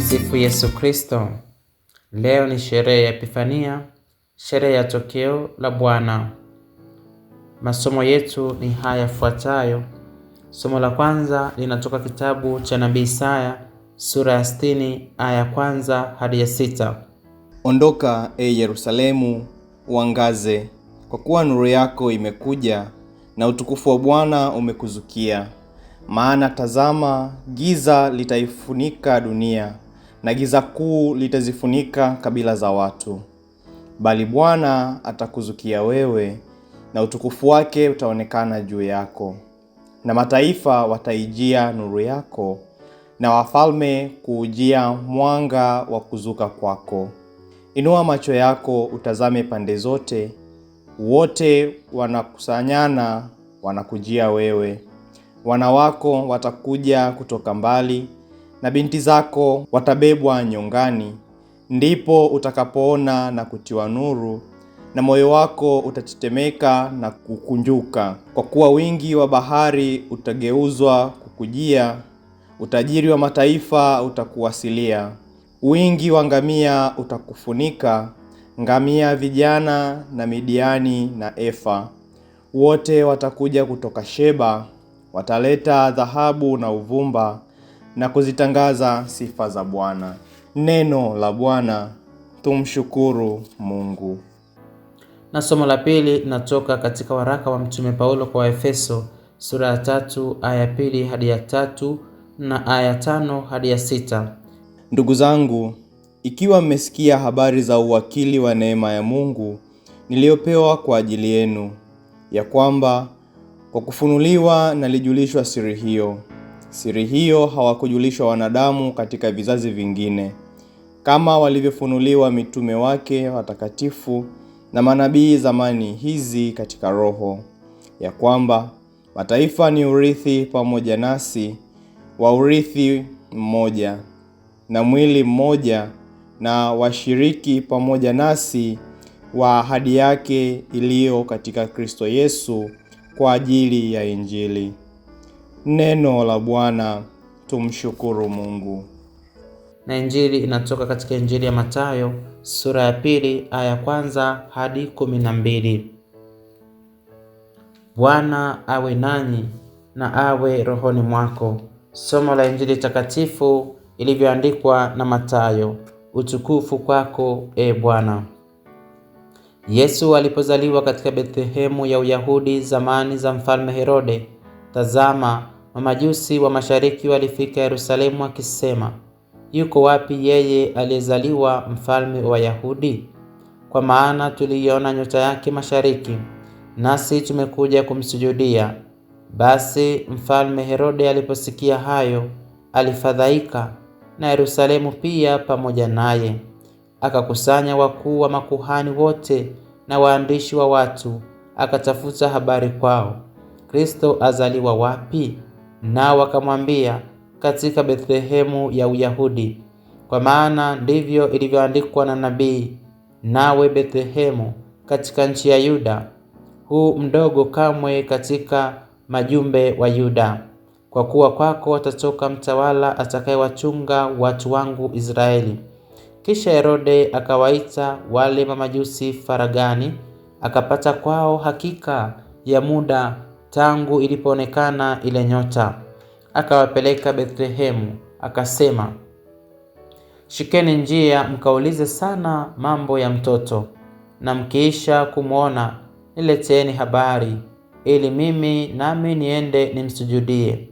Tumsifu Yesu Kristo. Leo ni sherehe ya Epifania, sherehe ya tokeo la Bwana. Masomo yetu ni haya yafuatayo. Somo la kwanza linatoka kitabu cha nabii Isaya sura ya 60 aya ya kwanza hadi ya sita. Ondoka e Yerusalemu, uangaze, kwa kuwa nuru yako imekuja na utukufu wa Bwana umekuzukia. Maana tazama, giza litaifunika dunia na giza kuu litazifunika kabila za watu, bali Bwana atakuzukia wewe na utukufu wake utaonekana juu yako, na mataifa wataijia nuru yako, na wafalme kuujia mwanga wa kuzuka kwako. Inua macho yako utazame pande zote, wote wanakusanyana wanakujia wewe, wana wako watakuja kutoka mbali na binti zako watabebwa nyongani, ndipo utakapoona na kutiwa nuru, na moyo wako utatetemeka na kukunjuka, kwa kuwa wingi wa bahari utageuzwa kukujia, utajiri wa mataifa utakuwasilia, wingi wa ngamia utakufunika, ngamia vijana na Midiani na Efa wote watakuja kutoka Sheba, wataleta dhahabu na uvumba na kuzitangaza sifa za Bwana. Neno la Bwana. Tumshukuru Mungu. Na somo la pili linatoka katika waraka wa Mtume Paulo kwa Waefeso sura ya tatu aya ya pili hadi ya tatu na aya ya tano hadi ya sita. Ndugu zangu, ikiwa mmesikia habari za uwakili wa neema ya Mungu niliyopewa kwa ajili yenu, ya kwamba kwa kufunuliwa nalijulishwa siri hiyo Siri hiyo hawakujulishwa wanadamu katika vizazi vingine, kama walivyofunuliwa mitume wake watakatifu na manabii zamani hizi katika Roho, ya kwamba mataifa ni urithi pamoja nasi, wa urithi mmoja na mwili mmoja, na washiriki pamoja nasi wa ahadi yake iliyo katika Kristo Yesu kwa ajili ya Injili. Neno la Bwana. Tumshukuru Mungu. Na injili inatoka katika Injili ya Mathayo sura ya pili aya ya kwanza hadi kumi na mbili. Bwana awe nanyi na awe rohoni mwako. Somo la Injili takatifu ilivyoandikwa na Mathayo. Utukufu kwako e Bwana. Yesu alipozaliwa katika Bethlehemu ya Uyahudi zamani za mfalme Herode Tazama, mamajusi wa mashariki walifika Yerusalemu wakisema, yuko wapi yeye aliyezaliwa mfalme wa Yahudi? Kwa maana tuliiona nyota yake mashariki, nasi tumekuja kumsujudia. Basi mfalme Herode aliposikia hayo, alifadhaika, na Yerusalemu pia pamoja naye. Akakusanya wakuu wa makuhani wote na waandishi wa watu, akatafuta habari kwao. Kristo azaliwa wapi? Nao wakamwambia, katika Bethlehemu ya Uyahudi, kwa maana ndivyo ilivyoandikwa na nabii, nawe Bethlehemu katika nchi ya Yuda, huu mdogo kamwe katika majumbe wa Yuda, kwa kuwa kwako watatoka mtawala atakayewachunga watu wangu Israeli. Kisha Herode akawaita wale mamajusi faragani, akapata kwao hakika ya muda tangu ilipoonekana ile nyota. Akawapeleka Bethlehemu, akasema, shikeni njia mkaulize sana mambo ya mtoto, na mkiisha kumwona nileteeni habari, ili mimi nami niende nimsujudie.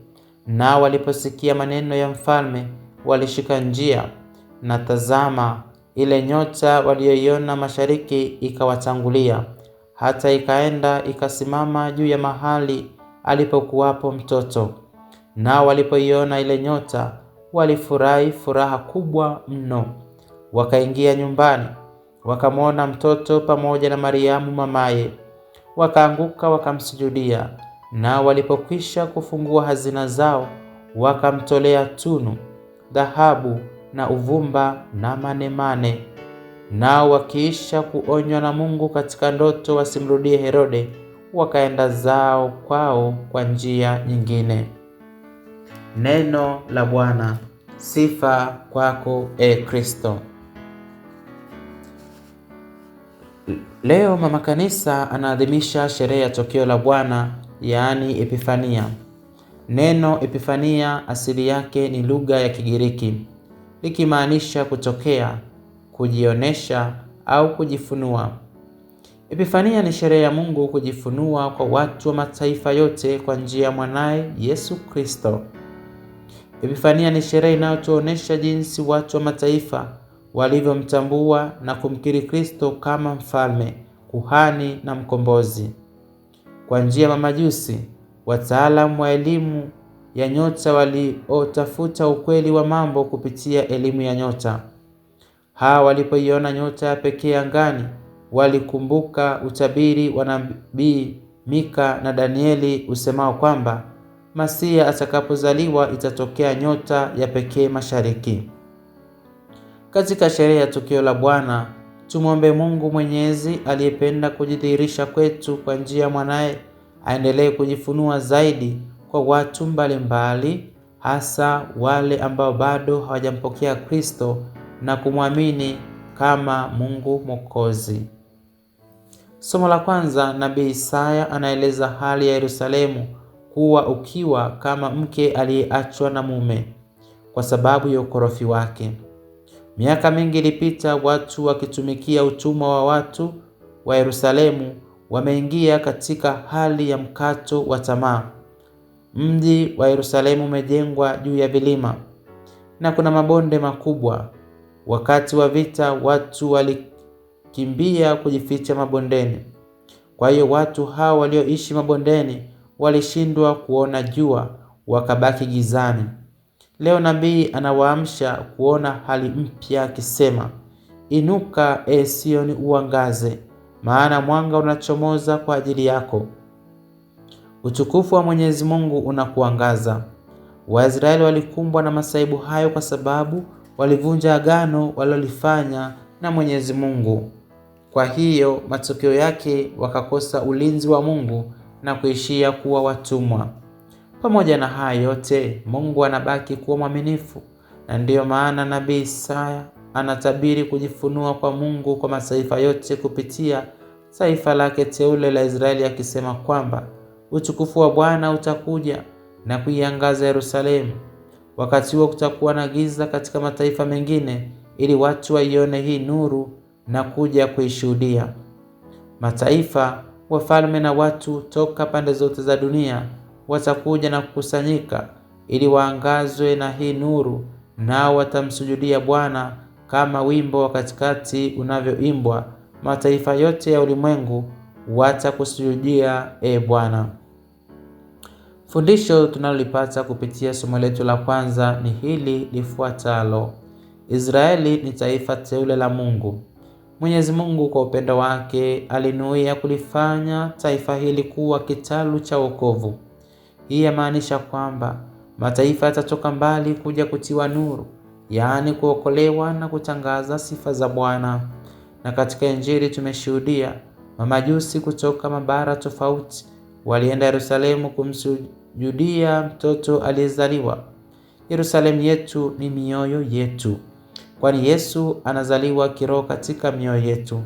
Nao waliposikia maneno ya mfalme walishika njia, na tazama, ile nyota waliyoiona mashariki ikawatangulia hata ikaenda ikasimama juu ya mahali alipokuwapo mtoto. Nao walipoiona ile nyota walifurahi furaha kubwa mno. Wakaingia nyumbani, wakamwona mtoto pamoja na Mariamu mamaye, wakaanguka wakamsujudia. Nao walipokwisha kufungua hazina zao, wakamtolea tunu, dhahabu na uvumba na manemane. Nao wakiisha kuonywa na Mungu katika ndoto wasimrudie Herode, wakaenda zao kwao kwa njia nyingine. Neno la Bwana. Sifa kwako e Kristo. Leo mama kanisa anaadhimisha sherehe ya tokeo la Bwana, yaani Epifania. Neno Epifania asili yake ni lugha ya Kigiriki likimaanisha kutokea kujionesha au kujifunua. Epifania ni sherehe ya Mungu kujifunua kwa watu wa mataifa yote kwa njia ya mwanaye Yesu Kristo. Epifania ni sherehe inayotuonesha jinsi watu wa mataifa walivyomtambua na kumkiri Kristo kama mfalme, kuhani na mkombozi. Kwa njia ya mamajusi, wataalamu wa elimu ya nyota waliotafuta ukweli wa mambo kupitia elimu ya nyota. Hawa walipoiona nyota ya pekee angani, walikumbuka utabiri wa nabii Mika na Danieli usemao kwamba Masia atakapozaliwa itatokea nyota ya pekee mashariki. Katika sherehe ya tukio la Bwana, tumwombe Mungu Mwenyezi aliyependa kujidhihirisha kwetu kwa njia ya mwanaye, aendelee kujifunua zaidi kwa watu mbalimbali mbali, hasa wale ambao bado hawajampokea Kristo na kumwamini kama Mungu Mwokozi. Somo la kwanza, nabii Isaya anaeleza hali ya Yerusalemu kuwa ukiwa kama mke aliyeachwa na mume kwa sababu ya ukorofi wake. Miaka mingi ilipita, watu wakitumikia utumwa wa watu wa Yerusalemu wameingia katika hali ya mkato wa tamaa. Mji wa Yerusalemu umejengwa juu ya vilima na kuna mabonde makubwa Wakati wa vita watu walikimbia kujificha mabondeni. Kwa hiyo watu hao walioishi mabondeni walishindwa kuona jua, wakabaki gizani. Leo nabii anawaamsha kuona hali mpya akisema, inuka e Sioni, uangaze, maana mwanga unachomoza kwa ajili yako, utukufu wa Mwenyezi Mungu unakuangaza. Waisraeli walikumbwa na masaibu hayo kwa sababu walivunja agano walilofanya na Mwenyezi Mungu. Kwa hiyo matokeo yake wakakosa ulinzi wa Mungu na kuishia kuwa watumwa. Pamoja na haya yote, Mungu anabaki kuwa mwaminifu, na ndiyo maana nabii Isaya anatabiri kujifunua kwa Mungu kwa mataifa yote kupitia taifa lake teule la Israeli, akisema kwamba utukufu wa Bwana utakuja na kuiangaza Yerusalemu Wakati huo kutakuwa na giza katika mataifa mengine, ili watu waione hii nuru na kuja kuishuhudia. Mataifa, wafalme na watu toka pande zote za dunia watakuja na kukusanyika ili waangazwe na hii nuru, nao watamsujudia Bwana, kama wimbo wa katikati unavyoimbwa. Mataifa yote ya ulimwengu watakusujudia, e Bwana. Fundisho tunalolipata kupitia somo letu la kwanza ni hili lifuatalo: Israeli ni taifa teule la Mungu. Mwenyezi Mungu kwa upendo wake alinuia kulifanya taifa hili kuwa kitalu cha wokovu. Hii yamaanisha kwamba mataifa yatatoka mbali kuja kutiwa nuru, yaani kuokolewa na kutangaza sifa za Bwana. Na katika Injili tumeshuhudia mamajusi kutoka mabara tofauti walienda Yerusalemu kumsu judia mtoto aliyezaliwa. Yerusalemu yetu ni mioyo yetu, kwani Yesu anazaliwa kiroho katika mioyo yetu.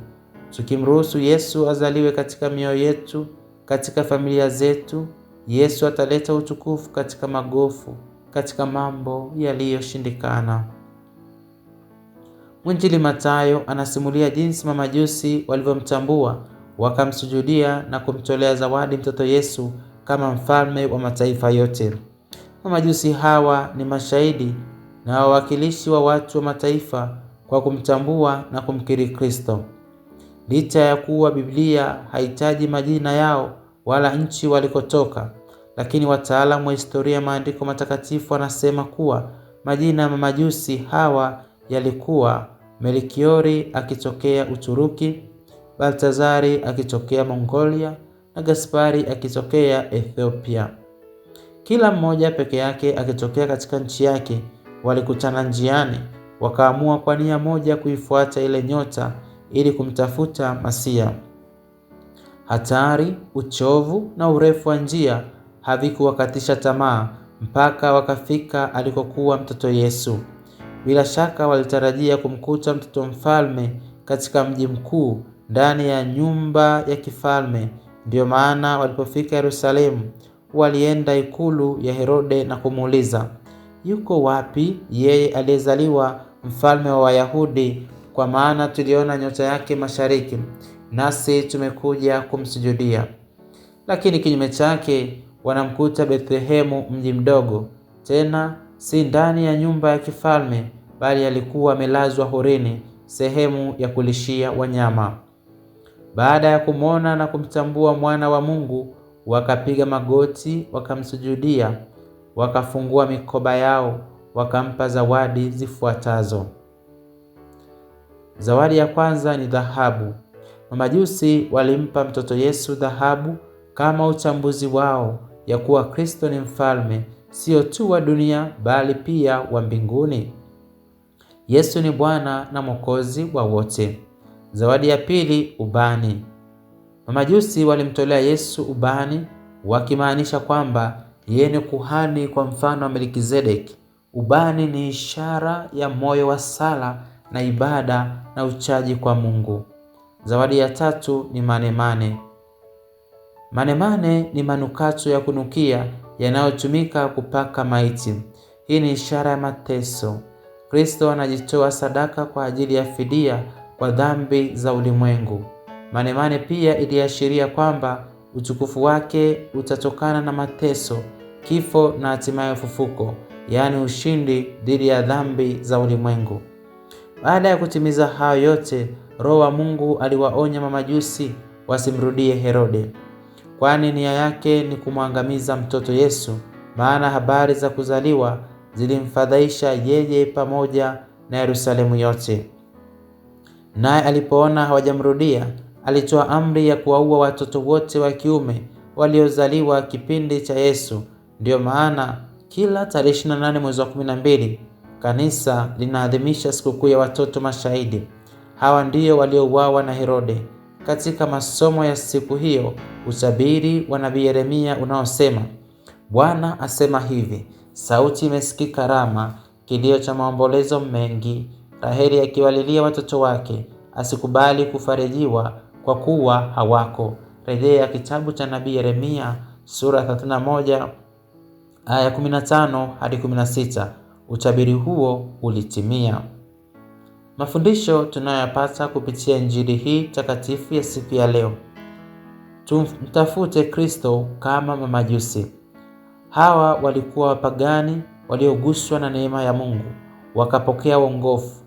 Tukimruhusu Yesu azaliwe katika mioyo yetu, katika familia zetu, Yesu ataleta utukufu katika magofu, katika mambo yaliyoshindikana. Mwinjili Mathayo anasimulia jinsi mamajusi walivyomtambua, wakamsujudia na kumtolea zawadi mtoto Yesu kama mfalme wa mataifa yote. Mamajusi hawa ni mashahidi na wawakilishi wa watu wa mataifa kwa kumtambua na kumkiri Kristo. Licha ya kuwa Biblia haitaji majina yao wala nchi walikotoka, lakini wataalamu wa historia ya maandiko matakatifu wanasema kuwa majina ya mamajusi hawa yalikuwa Melikiori akitokea Uturuki, Baltazari akitokea Mongolia na Gaspari akitokea Ethiopia. Kila mmoja peke yake akitokea katika nchi yake, walikutana njiani, wakaamua kwa nia moja kuifuata ile nyota ili kumtafuta Masia. Hatari, uchovu na urefu wa njia havikuwakatisha tamaa mpaka wakafika alikokuwa mtoto Yesu. Bila shaka walitarajia kumkuta mtoto mfalme katika mji mkuu ndani ya nyumba ya kifalme, Ndiyo maana walipofika Yerusalemu walienda ikulu ya Herode na kumuuliza, yuko wapi yeye aliyezaliwa mfalme wa Wayahudi? Kwa maana tuliona nyota yake mashariki, nasi tumekuja kumsujudia. Lakini kinyume chake wanamkuta Bethlehemu, mji mdogo, tena si ndani ya nyumba ya kifalme, bali alikuwa amelazwa horini, sehemu ya kulishia wanyama. Baada ya kumwona na kumtambua mwana wa Mungu, wakapiga magoti wakamsujudia, wakafungua mikoba yao, wakampa zawadi zifuatazo. Zawadi ya kwanza ni dhahabu. Mamajusi walimpa mtoto Yesu dhahabu kama utambuzi wao ya kuwa Kristo ni mfalme, sio tu wa dunia bali pia wa mbinguni. Yesu ni Bwana na Mwokozi wa wote. Zawadi ya pili, ubani. Mamajusi walimtolea Yesu ubani, wakimaanisha kwamba yeye ni kuhani kwa mfano wa Melkizedeki. Ubani ni ishara ya moyo wa sala na ibada na uchaji kwa Mungu. Zawadi ya tatu ni manemane. Manemane ni manukato ya kunukia yanayotumika kupaka maiti. Hii ni ishara ya mateso. Kristo anajitoa sadaka kwa ajili ya fidia kwa dhambi za ulimwengu. Manemane pia iliashiria kwamba utukufu wake utatokana na mateso, kifo na hatimaye ufufuko, yaani ushindi dhidi ya dhambi za ulimwengu. Baada ya kutimiza hayo yote, Roho wa Mungu aliwaonya mamajusi wasimrudie Herode, kwani nia yake ni kumwangamiza mtoto Yesu, maana habari za kuzaliwa zilimfadhaisha yeye pamoja na Yerusalemu yote. Naye alipoona hawajamrudia, alitoa amri ya kuwaua watoto wote wa kiume waliozaliwa kipindi cha Yesu. Ndiyo maana kila tarehe 28 mwezi wa 12 kanisa linaadhimisha sikukuu ya watoto mashahidi. Hawa ndio waliouawa na Herode. Katika masomo ya siku hiyo, utabiri wa nabii Yeremia unaosema, Bwana asema hivi, sauti imesikika Rama, kilio cha maombolezo mengi Raheli akiwalilia watoto wake asikubali kufarijiwa kwa kuwa hawako. Rejea kitabu cha nabii Yeremia sura 31 aya 15 hadi 16. Utabiri huo ulitimia. Mafundisho tunayoyapata kupitia injili hii takatifu ya siku ya leo, tumtafute Kristo kama mamajusi. Hawa walikuwa wapagani walioguswa na neema ya Mungu, wakapokea uongofu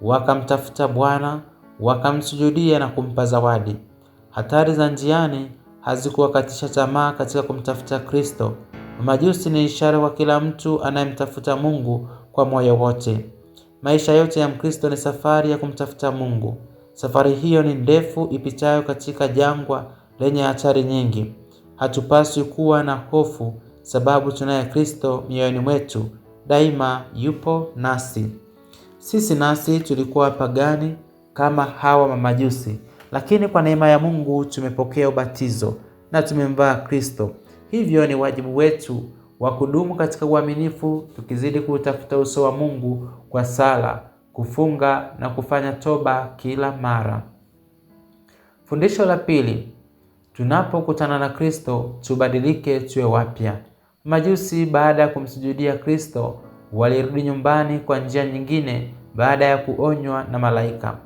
wakamtafuta Bwana, wakamsujudia na kumpa zawadi. Hatari za njiani hazikuwakatisha tamaa katika kumtafuta Kristo. Majusi ni ishara kwa kila mtu anayemtafuta Mungu kwa moyo wote. Maisha yote ya Mkristo ni safari ya kumtafuta Mungu. Safari hiyo ni ndefu, ipitayo katika jangwa lenye hatari nyingi. Hatupaswi kuwa na hofu, sababu tunaye Kristo mioyoni mwetu. Daima yupo nasi. Sisi nasi tulikuwa pagani kama hawa mamajusi, lakini kwa neema ya Mungu tumepokea ubatizo na tumemvaa Kristo. Hivyo ni wajibu wetu wa kudumu katika uaminifu, tukizidi kuutafuta uso wa Mungu kwa sala, kufunga na kufanya toba kila mara. Fundisho la pili, tunapokutana na Kristo tubadilike, tuwe wapya. Majusi baada ya kumsujudia Kristo walirudi nyumbani kwa njia nyingine baada ya kuonywa na malaika.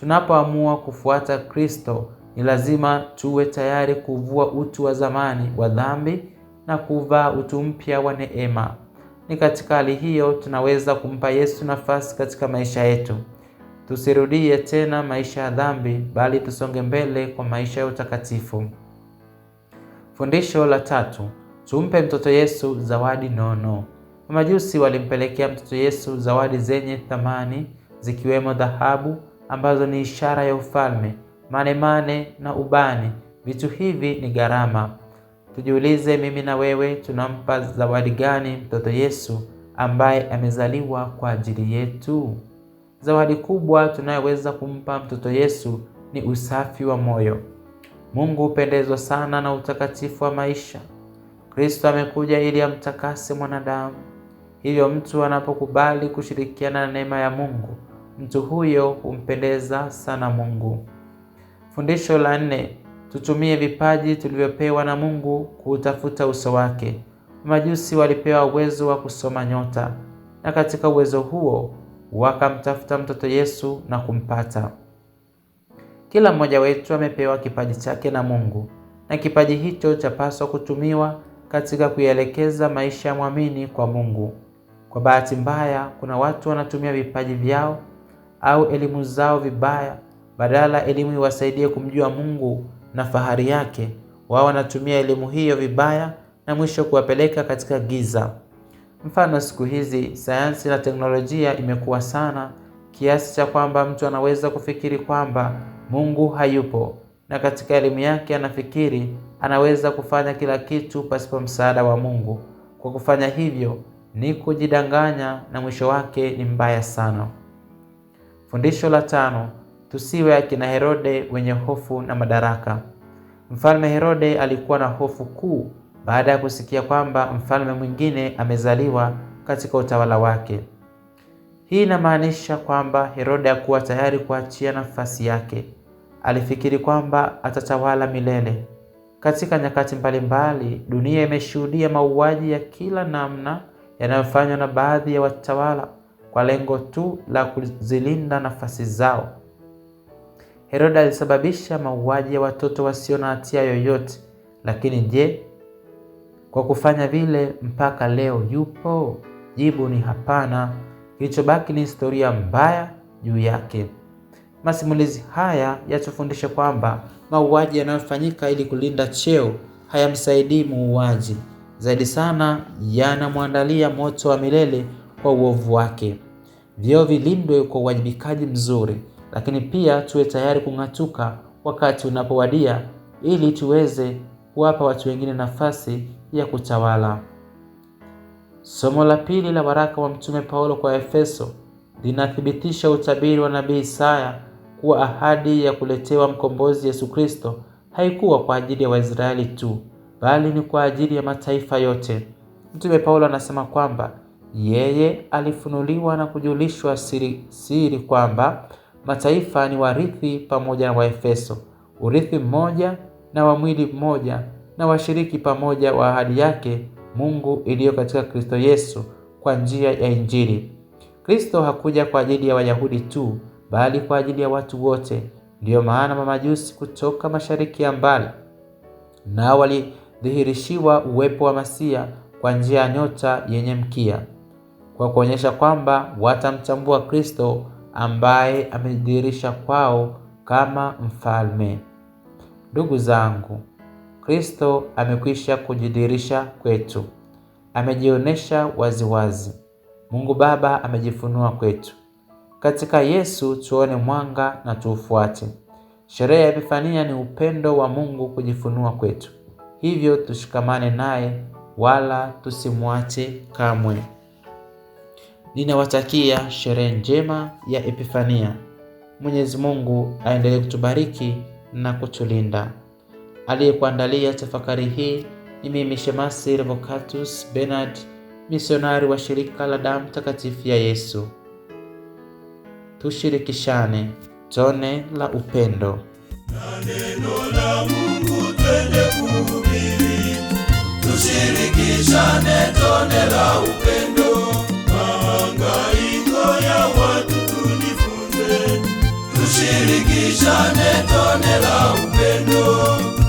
Tunapoamua kufuata Kristo, ni lazima tuwe tayari kuvua utu wa zamani wa dhambi na kuvaa utu mpya wa neema. Ni katika hali hiyo tunaweza kumpa Yesu nafasi katika maisha yetu. Tusirudie tena maisha ya dhambi, bali tusonge mbele kwa maisha ya utakatifu. Fundisho la tatu: tumpe mtoto Yesu zawadi nono. Mamajusi walimpelekea mtoto Yesu zawadi zenye thamani zikiwemo dhahabu ambazo ni ishara ya ufalme, manemane na ubani. Vitu hivi ni gharama. Tujiulize, mimi na wewe tunampa zawadi gani mtoto Yesu ambaye amezaliwa kwa ajili yetu? Zawadi kubwa tunayoweza kumpa mtoto Yesu ni usafi wa moyo. Mungu hupendezwa sana na utakatifu wa maisha. Kristo amekuja ili amtakase mwanadamu. Hivyo mtu anapokubali kushirikiana na neema ya Mungu, mtu huyo humpendeza sana Mungu. Fundisho la nne: tutumie vipaji tulivyopewa na Mungu kuutafuta uso wake. Majusi walipewa uwezo wa kusoma nyota, na katika uwezo huo wakamtafuta mtoto Yesu na kumpata. Kila mmoja wetu amepewa kipaji chake na Mungu, na kipaji hicho chapaswa kutumiwa katika kuielekeza maisha ya mwamini kwa Mungu. Kwa bahati mbaya, kuna watu wanatumia vipaji vyao au elimu zao vibaya. Badala elimu iwasaidie kumjua Mungu na fahari yake, wao wanatumia elimu hiyo vibaya na mwisho kuwapeleka katika giza. Mfano, siku hizi sayansi na teknolojia imekuwa sana kiasi cha kwamba mtu anaweza kufikiri kwamba Mungu hayupo, na katika elimu yake anafikiri anaweza kufanya kila kitu pasipo msaada wa Mungu. Kwa kufanya hivyo ni kujidanganya na mwisho wake ni mbaya sana. Fundisho la tano, tusiwe akina Herode wenye hofu na madaraka. Mfalme Herode alikuwa na hofu kuu baada ya kusikia kwamba mfalme mwingine amezaliwa katika utawala wake. Hii inamaanisha kwamba Herode hakuwa tayari kuachia nafasi yake. Alifikiri kwamba atatawala milele. Katika nyakati mbalimbali, dunia imeshuhudia mauaji ya kila namna yanayofanywa na baadhi ya watawala kwa lengo tu la kuzilinda nafasi zao. Herode alisababisha mauaji ya watoto wasio na hatia yoyote, lakini je, kwa kufanya vile mpaka leo yupo? Jibu ni hapana. Kilichobaki ni historia mbaya juu yake. Masimulizi haya yatufundisha kwamba mauaji yanayofanyika ili kulinda cheo hayamsaidii muuaji, zaidi sana yanamwandalia moto wa milele kwa uovu wake. Vyeo vilindwe kwa uwajibikaji mzuri, lakini pia tuwe tayari kung'atuka wakati unapowadia, ili tuweze kuwapa watu wengine nafasi ya kutawala. Somo la pili la waraka wa Mtume Paulo kwa Efeso linathibitisha utabiri wa nabii Isaya kuwa ahadi ya kuletewa mkombozi Yesu Kristo haikuwa kwa ajili ya Waisraeli tu bali ni kwa ajili ya mataifa yote. Mtume Paulo anasema kwamba yeye alifunuliwa na kujulishwa siri, siri kwamba mataifa ni warithi pamoja na Waefeso, urithi mmoja na wa mwili mmoja na washiriki pamoja wa ahadi yake Mungu iliyo katika Kristo Yesu kwa njia ya Injili. Kristo hakuja kwa ajili ya Wayahudi tu, bali kwa ajili ya watu wote. Ndiyo maana mamajusi kutoka mashariki ya mbali nao kudhihirishiwa uwepo wa Masia kwa njia ya nyota yenye mkia, kwa kuonyesha kwamba watamtambua Kristo ambaye amejidhihirisha kwao kama mfalme. Ndugu zangu, Kristo amekwisha kujidhihirisha kwetu, amejionyesha waziwazi. Mungu Baba amejifunua kwetu. Katika Yesu tuone mwanga na tuufuate. Sherehe ya Epifania ni upendo wa Mungu kujifunua kwetu. Hivyo tushikamane naye wala tusimwache kamwe. Ninawatakia sherehe njema ya Epifania. Mwenyezi Mungu aendelee kutubariki na kutulinda. Aliyekuandalia tafakari hii ni mimi Shemasi Revocatus Bernard, misionari wa shirika la damu takatifu ya Yesu. Tushirikishane tone la upendo na neno la Mungu tushirikishane tone la upendo. Mahangaiko ya watu tujifunze, tushirikishane tone la upendo.